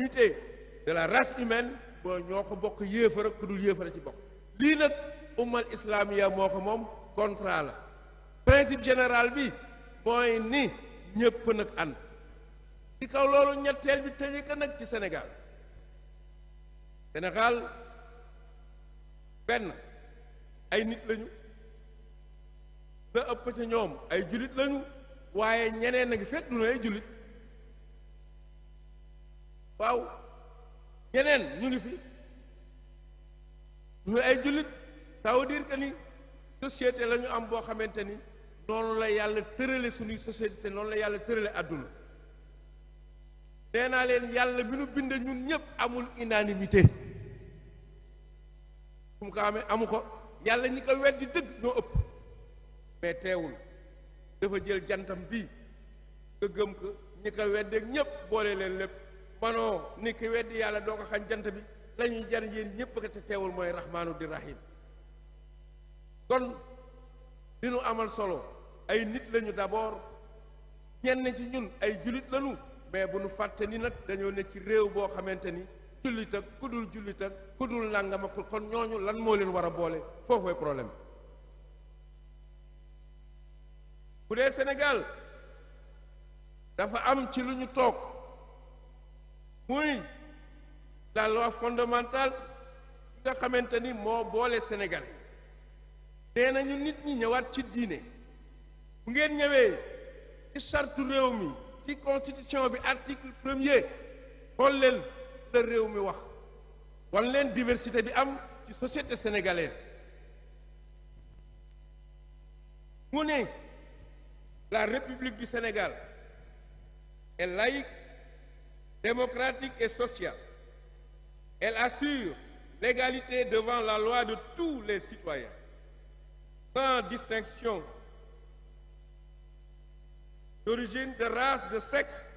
l'unité de la race humaine mooy ñoo ko bokk yéefara ku yéefara ci bokk lii nag ummal islamiya moo ko moom contrat la principe général bi mooy ni ñépp nag ànd ci kaw loolu ñetteel bi tëje ko nag ci Sénégal Sénégal benn ay nit lañu la ëpp ca ñoom ay jullit lañu waaye ñeneen a ngi fet du na ay jullit waaw ñeneen ñu ngi fi ñu ay jullit ça veut ni société lañu am boo xamante ni noonu la yàlla tërale suñuy société noonu la yàlla tërale àdduna nee naa leen yàlla bi nu bind ñun ñëpp amul unanimité su mu ko amee amu ko yàlla ñi ko weddi dëgg ñoo ëpp mais teewul dafa jël jantam bii nga gëm ko ñi ko weddeeg ñëpp boole leen lépp manoo ni ki weddi yàlla doo ko xañ jant bi lañuy jar jariñ yéen ñépp te teewul mooy raxmaanu di rahim kon li nu amal solo ay nit lañu d'abord ñenn ci ñun ay jullit lañu mais bu nu fàtte ni nag dañoo nekk ci réew boo xamante ni jullit ak ku dul jullit ak ku dul ko kon ñooñu lan moo leen war a boole foofu problème bu dee Sénégal dafa am ci lu ñu toog muy la loi fondamentale nga xamante ni moo boole Sénégal nee nañu nit ñi ñëwaat ci diine bu ngeen ñëwee ci charte réew mi ci constitution bi article premier xool leen la réew mi wax wan leen diversité bi am ci société sénégalaise mu ne la République du Sénégal est laïque démocratique et sociale. Elle assure l'égalité devant la loi de tous les citoyens, sans distinction d'origine, de race, de sexe,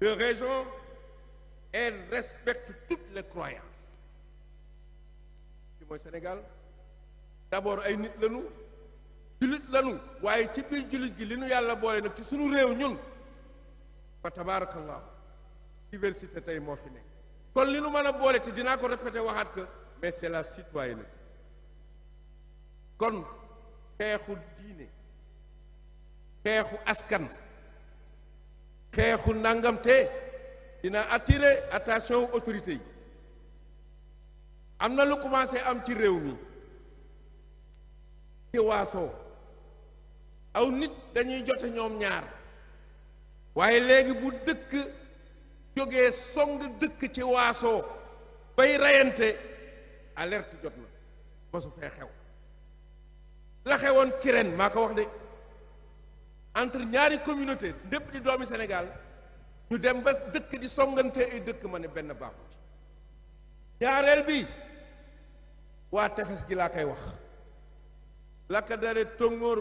de région. Elle respecte toutes les croyances. ci mooy Sénégal d'abord ay nit lañu jullit lañu waaye ci biir jullit gi li nu yàlla boole nag ci sunu réew ñun fa diversité tey moo fi nekk kon li nu mën a boole te dinaa ko répété waxaat que mais c'est la citoyenneté kon xeexu diine xeexu askan xeexu nangamte dina attirer attention autorité yi am na lu commencé am ci réew mi ci aw nit dañuy jote ñoom ñaar waaye léegi bu dëkk jógee song dëkk ci waaso bay reyante alerte jot na masu xew la xewoon Kirène wax de entre ñaari communauté ndépp di doomi Sénégal ñu dem ba dëkk di songante ay dëkk ma ne benn baaxul ñaareel bi waa tefes gi laa koy wax la ko dale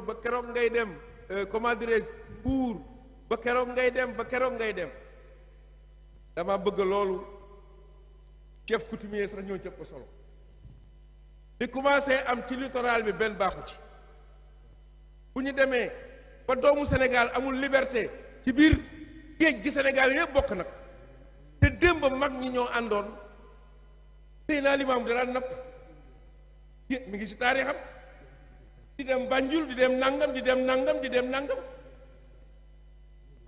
ba keroog ngay dem euh, comment dirais-je buur ba keroog ngay dem ba keroog ngay dem dama bëgg loolu chef coutumier sax ñoo cëpp solo li commencé am ci bi benn baaxu ci bu ñu demee ba doomu Sénégal amul liberté ci biir géej gi Sénégal yëpp bokk nag te démb mag ñi ñoo àndoon sëy naa limam dara napp mu ngi ci taarixam di dem Banjul di dem nangam di dem nangam di dem nangam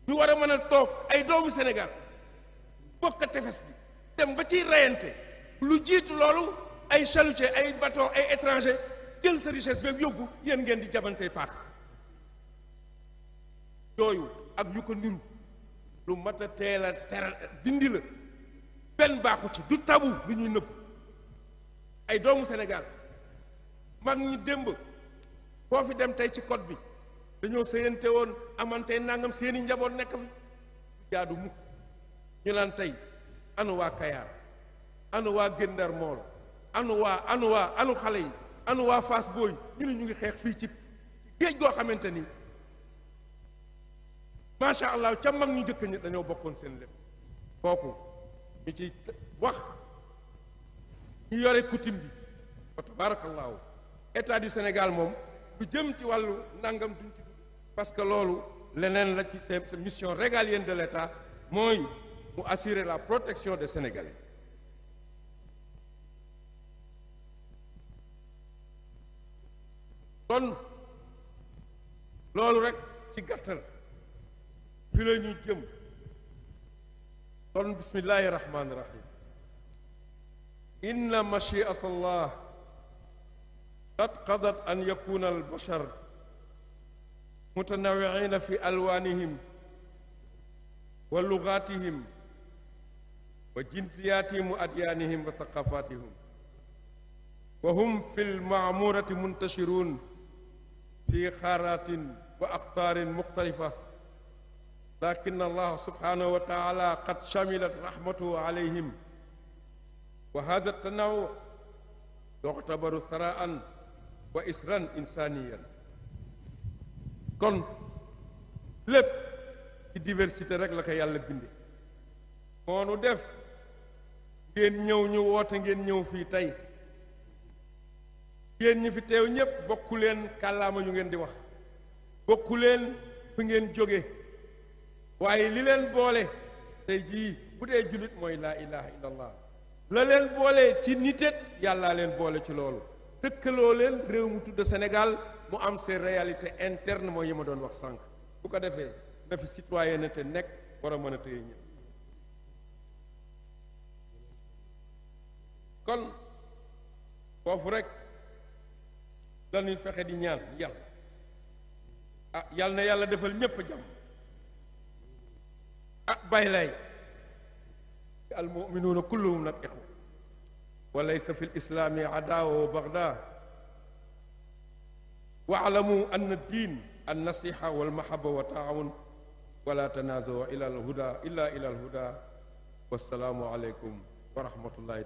ñu war a mën a toog ay doomu Sénégal bokk tefes bi dem ba ciy reyante lu jiitu loolu ay chalutier ay bateau ay étranger jël sa richesse ba yóbbu yéen ngeen di jabante paak yooyu ak yu ko niru lu mat a teel a ter dindi la benn baaxu ci du tabu lu ñuy nëbb ay doomu Sénégal mag ñi démb boo fi dem tey ci code bi dañoo sëyante woon amante nangam seeni njaboot nekk fi jaadu mukk ñu naan tey anu waa Kayaar anu waa Gëndar Mool anu waa xale yi anu waa Fass Boy ñu ne ngi xeex fii ci géej goo xamante ni macha allah ca mag ñu njëkk ñi dañoo bokkoon seen lépp kooku ñu ci wax ñu yore coutume bi wa tabaarakallaahu état du Sénégal moom lu jëm ci wàllu ndàngam duñ ci parce que loolu leneen la ci sa mission régal de l' mooy mu assurer la protection des Sénégalais kon loolu rek ci gàttal fi la ñu jëm kon bismillahi rahmaani rahim inna machiata allah qad qadat an yakuna fi alwaanihim wa wa jinsiyatihim wa adyanihim wa saqafatihum wa hum fi lmaamurati muntashirun fi xaaraatin wa aqtaarin muxtalifa lakin allah subhanahu wa taala qad shamilat rahmatuhu alayhim wa hada tanawu yuctabaru saraan wa isran insaniyan kon lépp ci diversité rek la ko yàlla binde moo nu def ngeen ñëw ñu woote ngeen ñëw fii tey ngeen ñi fi teew ñépp bokku leen kàllaama yu ngeen di wax bokku leen fi ngeen jóge waaye li leen boole tey jii bu dee jullit mooy laa ilaha illallah la leen boole ci nitet yàllaa leen boole ci loolu dëkkaloo leen réew mu tudd Sénégal mu am seen réyalité interne mooy yi ma doon wax sànq bu ko defee na fi citoyenneté nekk war a mën a ñëpp kon foofu rekk lañuy fexe di ñaan yàlla ah yàlla na yàlla defal ñépp jàmm ah bàyyi lay al muminuuna kulluhum nag ixwa wa laysa fi lislaami adaawa wa bagdaa waalamu ann diin annasiha walmahaba wa taawun wala tanazawa ila illa ila alhuda wassalaamu aleykum wa rahmatullahi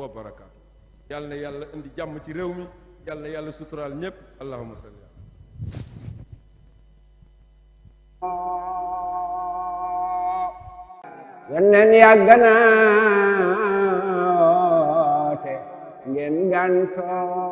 wa barakaatu yàlla na yàlla indi jàmm ci réew mi yàlla na yàlla suturaal ñépp allahuma salli yonneen yàgg na te ngeen gàntoo